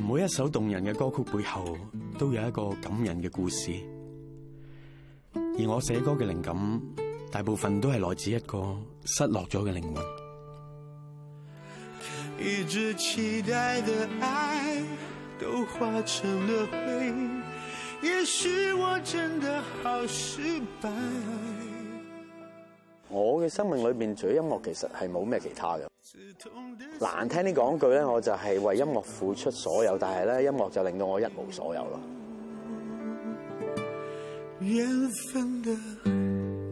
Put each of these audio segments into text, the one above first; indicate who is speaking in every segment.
Speaker 1: 每一首動人嘅歌曲背後，都有一個感人嘅故事。而我寫歌嘅靈感，大部分都係來自一個失落咗嘅靈
Speaker 2: 魂。我
Speaker 1: 嘅生命裡面，除咗音樂，其實係冇咩其他嘅。難聽啲講句咧，我就係為音樂付出所有，但係咧音樂就令到我一無所有啦，
Speaker 2: 緣分的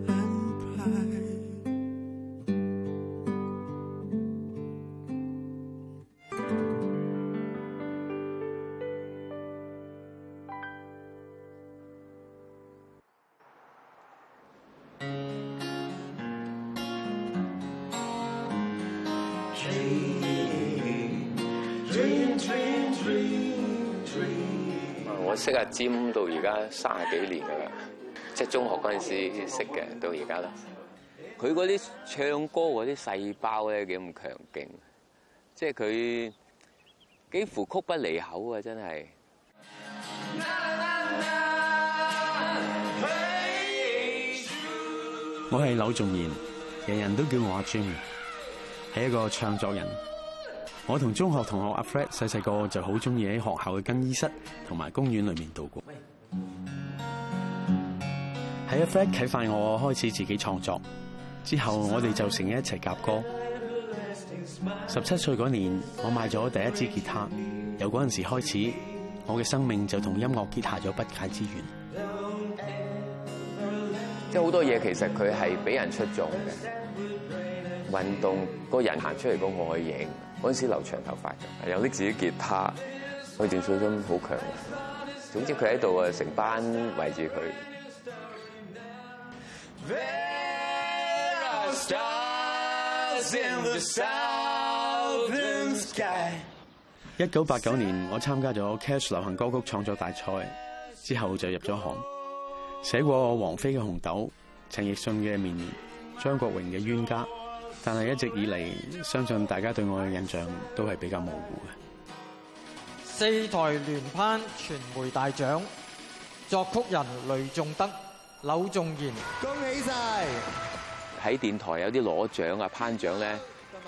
Speaker 2: 安排
Speaker 3: 識啊，尖到而家三十幾年噶啦，即係中學嗰陣時識嘅，到而家啦。佢嗰啲唱歌嗰啲細胞咧幾咁強勁，即係佢幾乎曲不離口啊！真係 。
Speaker 1: 我係柳重言，人人都叫我阿 Jim，係一個唱作人。我同中學同學阿 Fred 細細個就好中意，喺學校嘅更衣室同埋公園裏面度過。喺阿 Fred 啟發我開始自己創作，之後我哋就成日一齊夾歌。
Speaker 2: 十
Speaker 1: 七歲嗰年，我買咗第一支吉他，由嗰陣時開始，我嘅生命就同音樂結下咗不解之緣。
Speaker 3: 即係好多嘢，其實佢係俾人出眾嘅，運動人走個人行出嚟個外形。嗰陣時留長頭髮嘅，又搦住啲吉他，佢定信心好強嘅。總之佢喺度啊，成班圍住佢。
Speaker 2: 一九八
Speaker 1: 九年，我參加咗 Cash 流行歌曲創作大賽，之後就入咗行，寫過王菲嘅《紅豆》，陳奕迅嘅《綿綿》，張國榮嘅《冤家》。但係一直以嚟，相信大家對我嘅印象都係比較模糊嘅。四台聯頒傳媒大獎作曲人雷頌德、
Speaker 4: 柳重言，恭喜晒！
Speaker 3: 喺電台有啲攞獎啊、頒獎咧，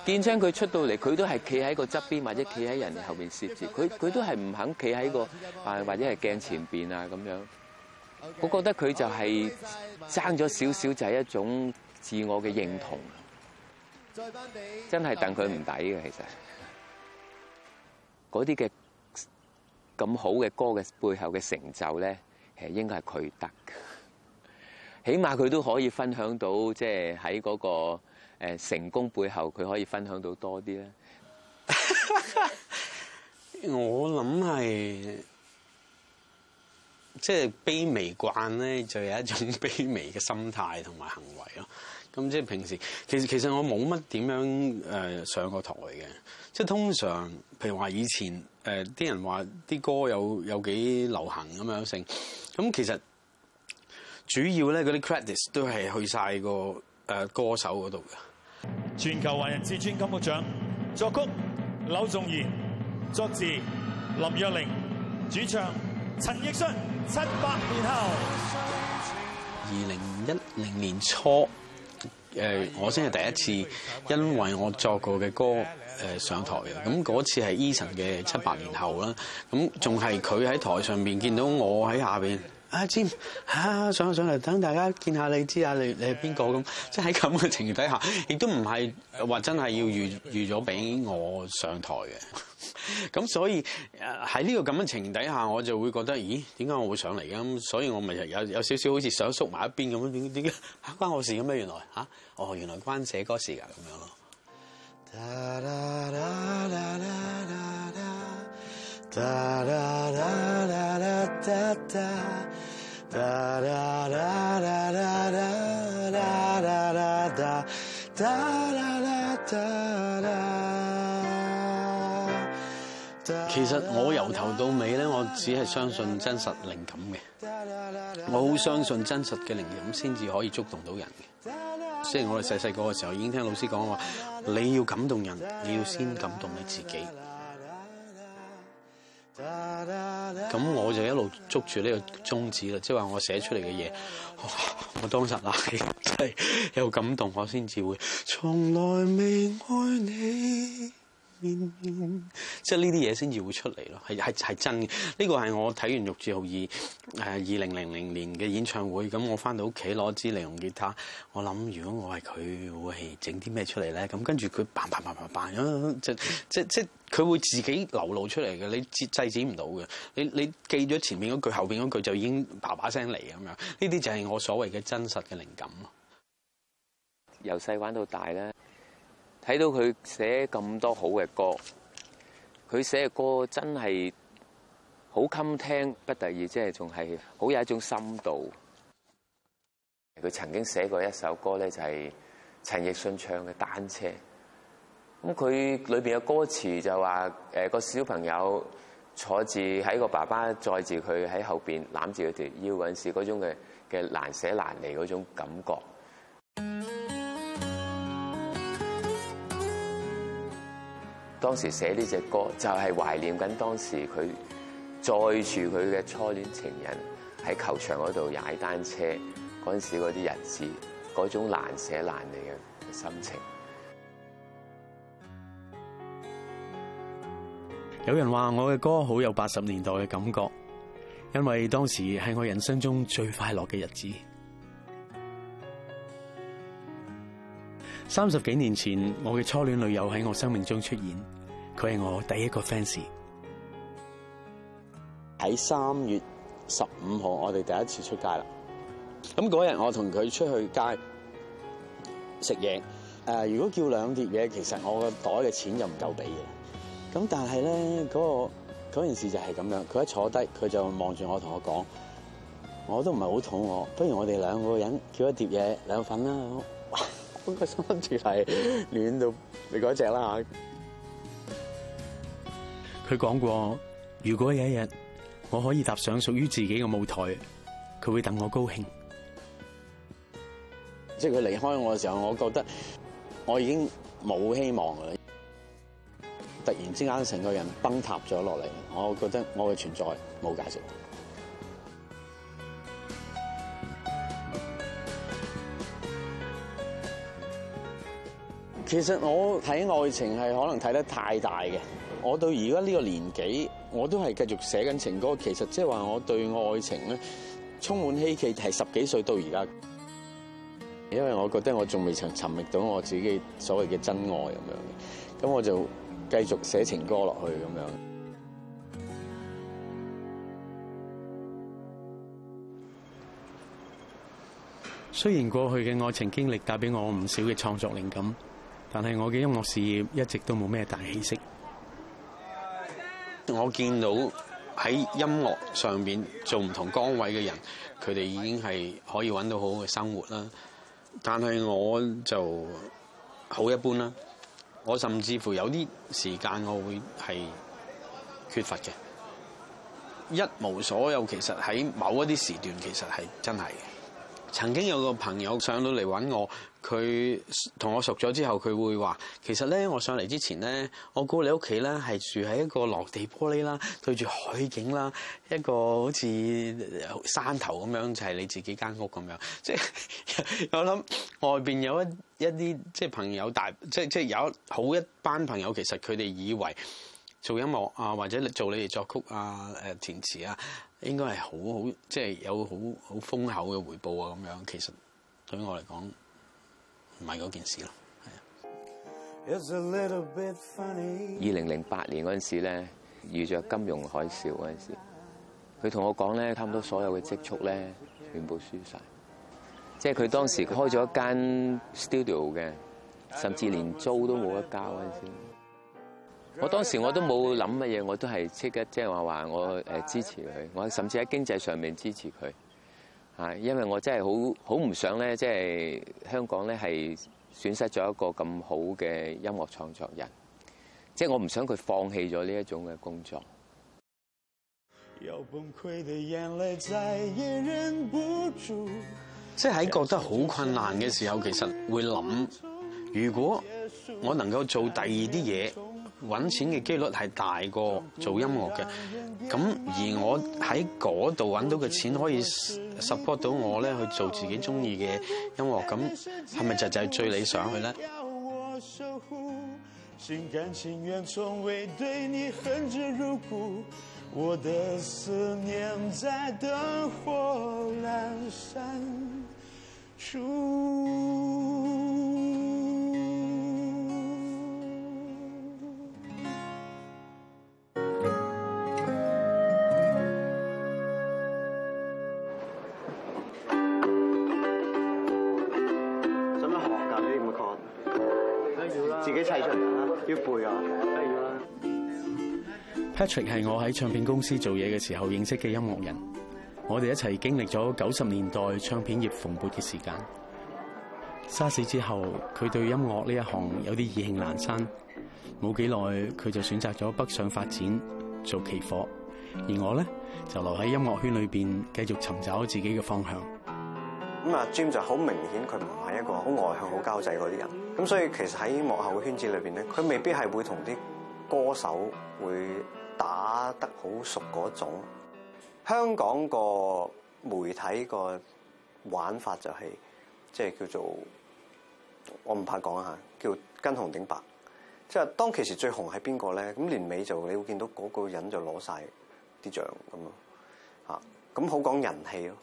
Speaker 3: 見親佢出到嚟，佢都係企喺個側邊或者企喺人哋後邊攝住，佢佢都係唔肯企喺個啊或者係鏡前邊啊咁樣。我覺得佢就係爭咗少少，就係一種自我嘅認同。真係戥佢唔抵嘅，其實嗰啲嘅咁好嘅歌嘅背後嘅成就咧，其實應該係佢得嘅。起碼佢都可以分享到，即係喺嗰個誒成功背後，佢可以分享到多啲咧。 我諗係即係卑微慣咧，
Speaker 1: 就有一種卑微嘅心態同埋行為咯。咁即係平時，其實其實我冇乜點樣誒上過台嘅。即係通常，譬如話以前誒啲人話啲歌有有幾流行咁樣性。咁其實主要咧嗰啲 credit 都係去晒個誒歌手嗰度㗎。
Speaker 2: 全球華人至尊金曲獎，作曲柳重言，作詞林若寧，主唱陳奕迅，七《七百年後》。
Speaker 1: 二零一零年初。誒，我先係第一次因為我作過嘅歌誒上台嘅，咁嗰次係 Eason 嘅《七八年後》啦，咁仲係佢喺台上面見到我喺下邊，阿、啊、Jim、啊、上上嚟，等大家見一下你，知你，知下你你係邊個咁，即係喺咁嘅情形底下，亦都唔係話真係要預預咗俾我上台嘅。咁 所以喺呢個咁嘅情底下，我就會覺得，咦？點解我會上嚟嘅？咁所以我咪有有少少好似想縮埋一邊咁樣，點點解關我事嘅咩？原來嚇、啊、哦，原來關寫歌事㗎咁
Speaker 2: 樣咯。
Speaker 1: 我由頭到尾咧，我只係相信真實靈感嘅。我好相信真實嘅靈感先至可以觸動到人。即係我哋細細個嘅時候已經聽老師講話，你要感動人，你要先感動你自己。
Speaker 2: 咁
Speaker 1: 我就一路捉住呢個宗旨啦，即係話我寫出嚟嘅嘢，我當時啦係真係有感動，我先至會
Speaker 2: 從來未愛你。
Speaker 1: 即係呢啲嘢先至會出嚟咯，係係係真嘅。呢個係我睇完玉置浩二誒二零零零年嘅演唱會，咁我翻到屋企攞支靈夢吉他，我諗如果我係佢，會係整啲咩出嚟咧？咁跟住佢 bang bang bang bang 咁，即即即佢會自己流露出嚟嘅，你截制止唔到嘅。你你記咗前面嗰句，後邊嗰句就已經叭叭聲嚟咁樣。呢啲就係我所謂嘅真實嘅靈感咯。
Speaker 3: 由細玩到大咧～睇到佢寫咁多好嘅歌，佢寫嘅歌真係好襟聽，不特異，即係仲係好有一種深度。佢曾經寫過一首歌咧，就係陳奕迅唱嘅《單車》，咁佢裏邊嘅歌詞就話誒個小朋友坐住喺個爸爸載住佢喺後邊攬住佢條腰，陣時嗰種嘅嘅難捨難離嗰種感覺。當時寫呢隻歌就係、是、懷念緊當時佢載住佢嘅初戀情人喺球場嗰度踩單車嗰陣時嗰啲日子，嗰種難捨難離嘅心情。
Speaker 1: 有人話我嘅歌好有八十年代嘅感覺，因為當時係我人生中最快樂嘅日子。三十幾年前，我嘅初戀女友喺我生命中出現，佢係我第一個 fans。喺三月十五號，我哋第一次出街啦。咁嗰日，我同佢出去街食嘢。誒、呃，如果叫兩碟嘢，其實我個袋嘅錢就唔夠俾嘅。咁但係咧，嗰、嗰個、件事就係咁樣。佢一坐低，佢就望住我，同我講：我都唔係好肚餓，不如我哋兩個人叫一碟嘢，兩份啦。嗰個心住係暖到你嗰隻啦吓！佢講過，如果有一日我可以踏上屬於自己嘅舞台，佢會等我高興。即係佢離開我嘅時候，我覺得我已經冇希望啦！突然之間，成個人崩塌咗落嚟，我覺得我嘅存在冇價值。其實我睇愛情係可能睇得太大嘅，我到而家呢個年紀，我都係繼續寫緊情歌。其實即係話我對愛情咧充滿希冀，係十幾歲到而家，因為我覺得我仲未曾尋覓到我自己所謂嘅真愛咁樣。咁我就繼續寫情歌落去咁樣。雖然過去嘅愛情經歷帶俾我唔少嘅創作靈感。但係我嘅音樂事業一直都冇咩大起色。我見到喺音樂上面做唔同崗位嘅人，佢哋已經係可以揾到好好嘅生活啦。但係我就好一般啦。我甚至乎有啲時間我會係缺乏嘅，一無所有。其實喺某一啲時段，其實係真係。曾經有個朋友上到嚟搵我，佢同我熟咗之後，佢會話：其實咧，我上嚟之前咧，我估你屋企咧係住喺一個落地玻璃啦，對住海景啦，一個好似山頭咁樣，就係、係、你自己間屋咁樣。即 係我諗外邊有一一啲即係朋友大，即係即係有好一班朋友，其實佢哋以為做音樂啊，或者做你哋作曲啊、誒、呃、填詞啊。應該係好好即係有好好豐厚嘅回
Speaker 3: 報啊！咁樣其實對於我嚟講唔係嗰件事咯。
Speaker 2: 係啊。二零零八年嗰
Speaker 3: 陣時咧，遇着金融海嘯嗰陣時，佢同我講咧，差唔多所有嘅積蓄咧，全部輸晒。即係佢當時開咗一間 studio 嘅，甚至連租都冇得交嗰陣時。我當時我都冇諗乜嘢，我都係即刻即係話話我誒支持佢，我甚至喺經濟上面支持佢嚇，因為我真係好好唔想咧，即係香港咧係損失咗一個咁好嘅音樂創作人，即係我唔想佢放棄咗呢一種嘅工作。
Speaker 2: 即
Speaker 1: 係喺覺得好困難嘅時候，其實會諗，如果我能夠做第二啲嘢。揾錢嘅幾率係大過做音樂嘅，咁而我喺嗰度揾到嘅錢可以 support 到我咧去做自己中意嘅音樂，咁係咪就就係最理想呢？
Speaker 2: 要我守護心甘情願，從未對你恨之入骨，我的思念在燈火闌珊處
Speaker 1: Patrick 係我喺唱片公司做嘢嘅時候認識嘅音樂人，我哋一齊經歷咗九十年代唱片業蓬勃嘅時間。沙士之後，佢對音樂呢一行有啲意興闌珊，冇幾耐佢就選擇咗北上發展做期貨，而我咧就留喺音樂圈裏邊繼續尋找自己嘅方向。
Speaker 4: 咁啊，Jim 就好明顯佢唔係一個好外向、好交際嗰啲人，咁所以其實喺幕後嘅圈子裏邊咧，佢未必係會同啲歌手會。打得好熟嗰種，香港個媒體個玩法就係，即係叫做我唔怕講啊嚇，叫跟紅頂白，即係當其時最紅係邊個咧？咁年尾就你會見到嗰個人就攞晒啲獎咁咯，嚇，咁好講人氣咯。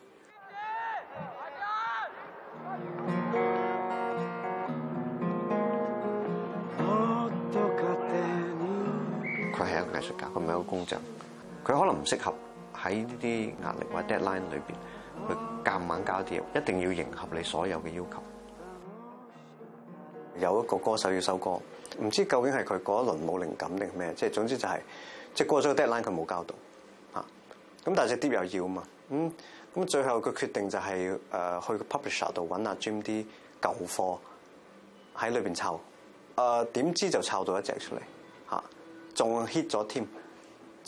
Speaker 4: 有個工匠，佢可能唔適合喺呢啲壓力或者 deadline 裏邊去夾硬交啲嘢，一定要迎合你所有嘅要求。有一個歌手要收歌，唔知究竟係佢嗰一輪冇靈感定咩？即係總之就係即係過咗個 deadline 佢冇交到嚇。咁但係隻碟又要啊嘛，嗯咁最後佢決定就係、是、誒、呃、去 publisher 度揾阿 Jim 啲舊貨喺裏邊湊誒，點、呃、知就湊到一隻出嚟嚇，仲 hit 咗添。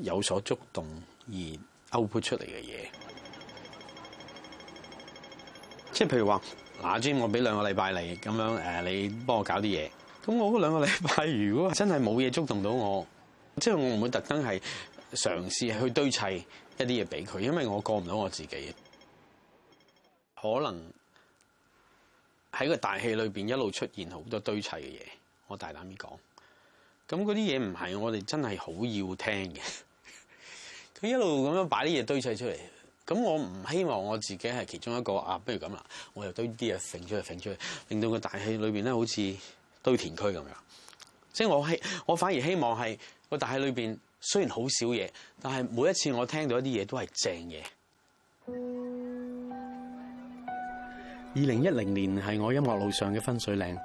Speaker 1: 有所觸動而 o p 勾撥出嚟嘅嘢，即係譬如話，嗱，James，我俾兩個禮拜你咁樣誒，你幫我搞啲嘢。咁我嗰兩個禮拜，如果真係冇嘢觸動到我，即係我唔會特登係嘗試去堆砌一啲嘢俾佢，因為我過唔到我自己。可能喺個大戲裏邊一路出現好多堆砌嘅嘢，我大膽啲講。咁嗰啲嘢唔係，我哋真係好要聽嘅。佢一路咁樣擺啲嘢堆砌出嚟，咁我唔希望我自己係其中一個啊。不如咁啦，我又堆啲嘢揈出嚟揈出嚟，令到個大氣裏面咧好似堆填區咁樣。即係我希，我反而希望係個大氣裏面，雖然好少嘢，但係每一次我聽到一啲嘢都係正嘢。二零一零年係我音樂路上嘅分水嶺，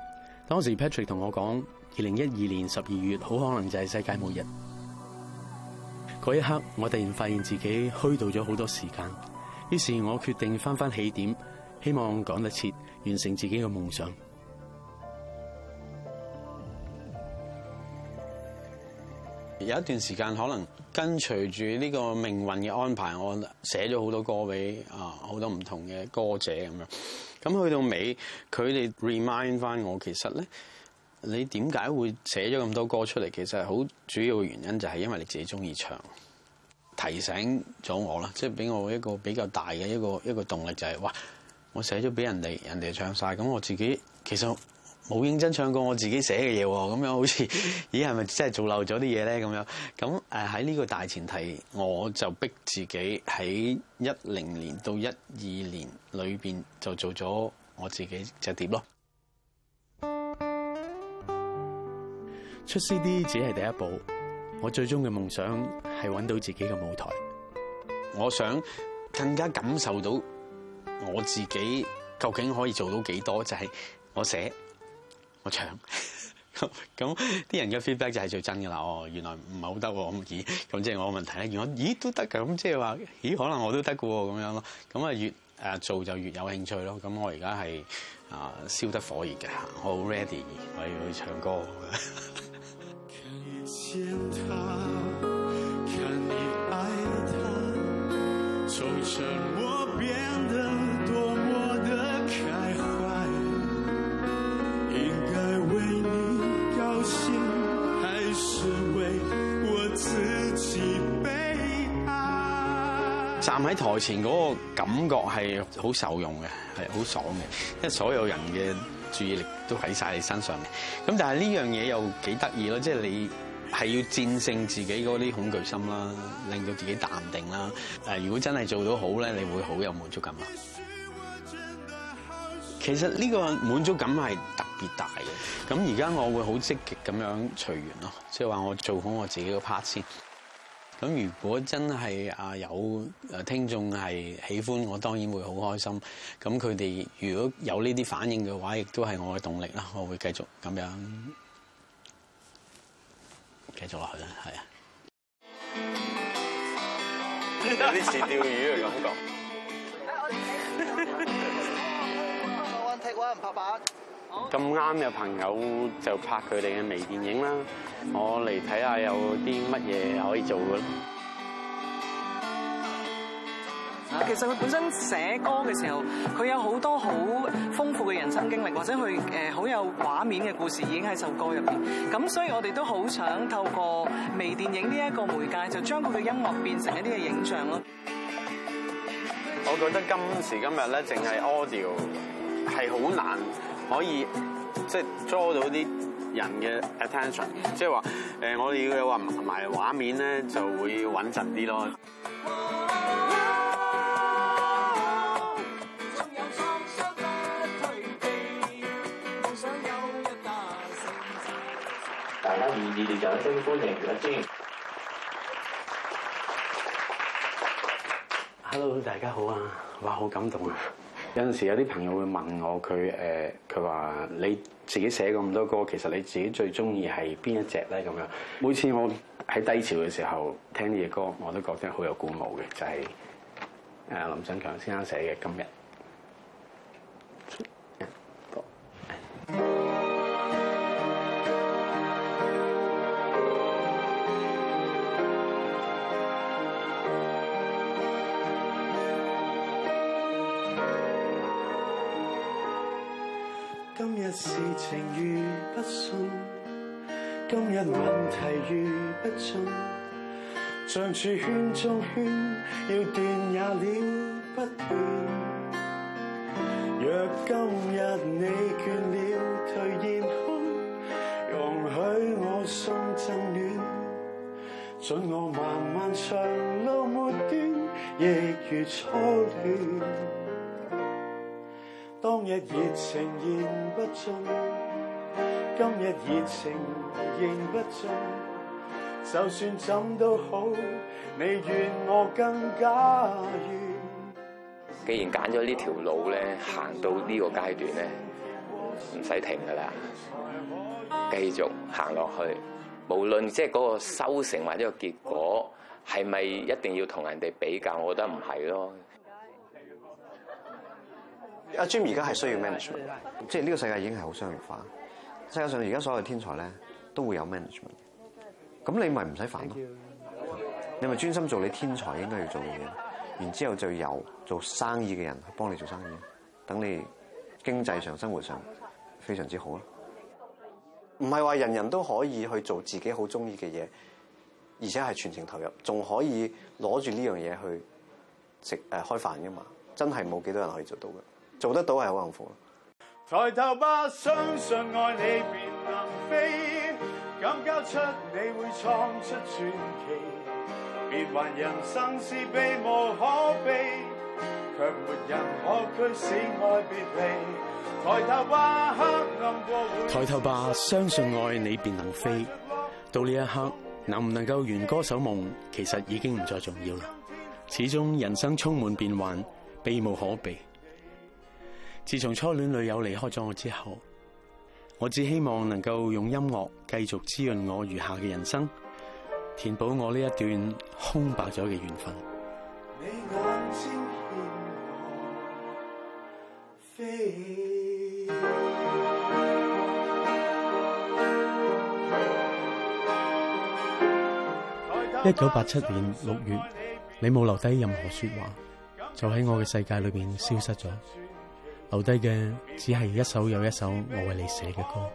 Speaker 1: 當時 Patrick 同我講。二零一二年十二月，好可能就係世界末日。嗰一刻，我突然發現自己虛度咗好多時間，於是我決定翻返起點，希望趕得切完成自己嘅夢想。有一段時間，可能跟隨住呢個命運嘅安排，我寫咗好多歌俾啊好多唔同嘅歌者咁樣。咁去到尾，佢哋 remind 翻我，其實咧。你點解會寫咗咁多歌出嚟？其實好主要嘅原因就係因為你自己中意唱，提醒咗我啦，即係俾我一個比較大嘅一個一個動力，就係，就係哇！我寫咗俾人哋，人哋唱晒。咁我自己其實冇認真唱過我自己寫嘅嘢，咁樣好似咦係咪真係做漏咗啲嘢咧？咁樣咁誒喺呢個大前提，我就逼自己喺一零年到一二年裏邊就做咗我自己隻碟咯。出 CD 只係第一步，我最終嘅夢想係揾到自己嘅舞台。我想更加感受到我自己究竟可以做到幾多，就係、是、我寫我唱咁。啲 人嘅 feedback 就係最真噶啦。哦，原來唔係好得，咁而咁即係我嘅問題啦。如咦都得咁，即係話咦可能我都得噶，咁樣咯。咁啊越誒、呃、做就越有興趣咯。咁我而家係啊燒得火熱嘅，我好 ready 我要去唱歌。
Speaker 2: 見他，看你愛他，從沉默變得多麼的開懷。應該為你高興，還是為我自己悲
Speaker 1: 哀？站喺台前嗰個感覺係好受用嘅，係好爽嘅，因為所有人嘅注意力都喺晒你身上嘅。咁但係呢樣嘢又幾得意咯，即係你。係要戰勝自己嗰啲恐懼心啦，令到自己淡定啦。誒，如果真係做到好咧，你會好有滿足感啦。其實呢個滿足感係特別大嘅。咁而家我會好積極咁樣隨緣咯，即係話我做好我自己嘅 part 先。咁如果真係啊有聽眾係喜歡我，當然會好開心。咁佢哋如果有呢啲反應嘅話，亦都係我嘅動力啦。我會繼續咁樣。繼續落去啦，係啊，有
Speaker 2: 啲似釣魚嘅感
Speaker 1: 覺。咁啱有朋友就拍佢哋嘅微電影啦，我嚟睇下有啲乜嘢可以做嘅咯。
Speaker 4: 其實佢本身寫歌嘅時候，佢有好多好豐富嘅人生經歷，或者佢誒好有畫面嘅故事，已經喺首歌入邊。咁所以我哋都好想透過微電影呢一個媒介，就將佢嘅音樂變成一啲嘅影像咯。
Speaker 1: 我覺得今時今日咧，淨係 audio 係好難可以即係 draw 到啲人嘅 attention，即係話誒，我哋要嘅話埋畫面咧就會穩陣啲咯。二二哋掌聲歡迎阿堅。Hello，大家好啊！哇，好感動啊！有陣時候有啲朋友會問我，佢誒佢話你自己寫咁多歌，其實你自己最中意係邊一隻咧？咁樣每次我喺低潮嘅時候聽呢隻歌，我都覺得好有鼓舞嘅，就係、是、誒林振強先生寫嘅《今日》。
Speaker 2: 今日事情如不順，今日問題如不盡，像處圈中圈，要斷也了不斷。若今日你倦了，頹然哭，容許我心增暖，准我漫漫長路末端，亦如初戀。今日熱情仍不盡，就算怎都好，你願我更加願。
Speaker 3: 既然揀咗呢條路咧，行到呢個階段咧，唔使停噶啦，繼續行落去。無論即係嗰個收成或者個結果，係咪一定要同人哋比較？我覺得唔係咯。
Speaker 4: 阿 Jim 而家係需要 management，即係呢個世界已經係好商業化。世界上而家所有天才咧都會有 management，咁你咪唔使煩咯。你咪專心做你天才應該要做嘅嘢，然之後就有做生意嘅人去幫你做生意，等你經濟上、生活上非常之好咯。唔係話人人都可以去做自己好中意嘅嘢，而且係全情投入，仲可以攞住呢樣嘢去食誒、呃、開飯噶嘛？真係冇幾多人可以做到嘅。做得到係好幸
Speaker 2: 福。抬頭吧，相信愛你便能飛。敢交出，你會創出傳奇。別還人生是避無可避，卻沒人可驅使愛別離。抬頭吧，黑暗過，
Speaker 1: 抬頭吧，相信愛你便能飛。到呢一刻，能唔能夠圓歌手夢，其實已經唔再重要啦。始終人生充滿變幻，避無可避。自從初戀女友離開咗我之後，我只希望能夠用音樂繼續滋潤我餘下嘅人生，填補我呢一段空白咗嘅緣分。
Speaker 2: 一九八七年
Speaker 1: 六月，你冇留低任何說話，就喺我嘅世界裏邊消失咗。留低嘅只係一首又一首我為你寫
Speaker 2: 嘅歌。